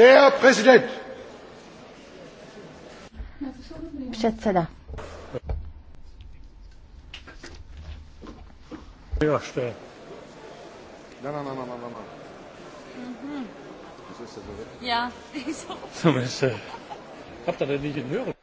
Der Präsident. Předseda. Jo, je. No, no, no, no, no, no. Mhm. Ja, wieso? Zumindest. Habt ihr denn nicht in Hören?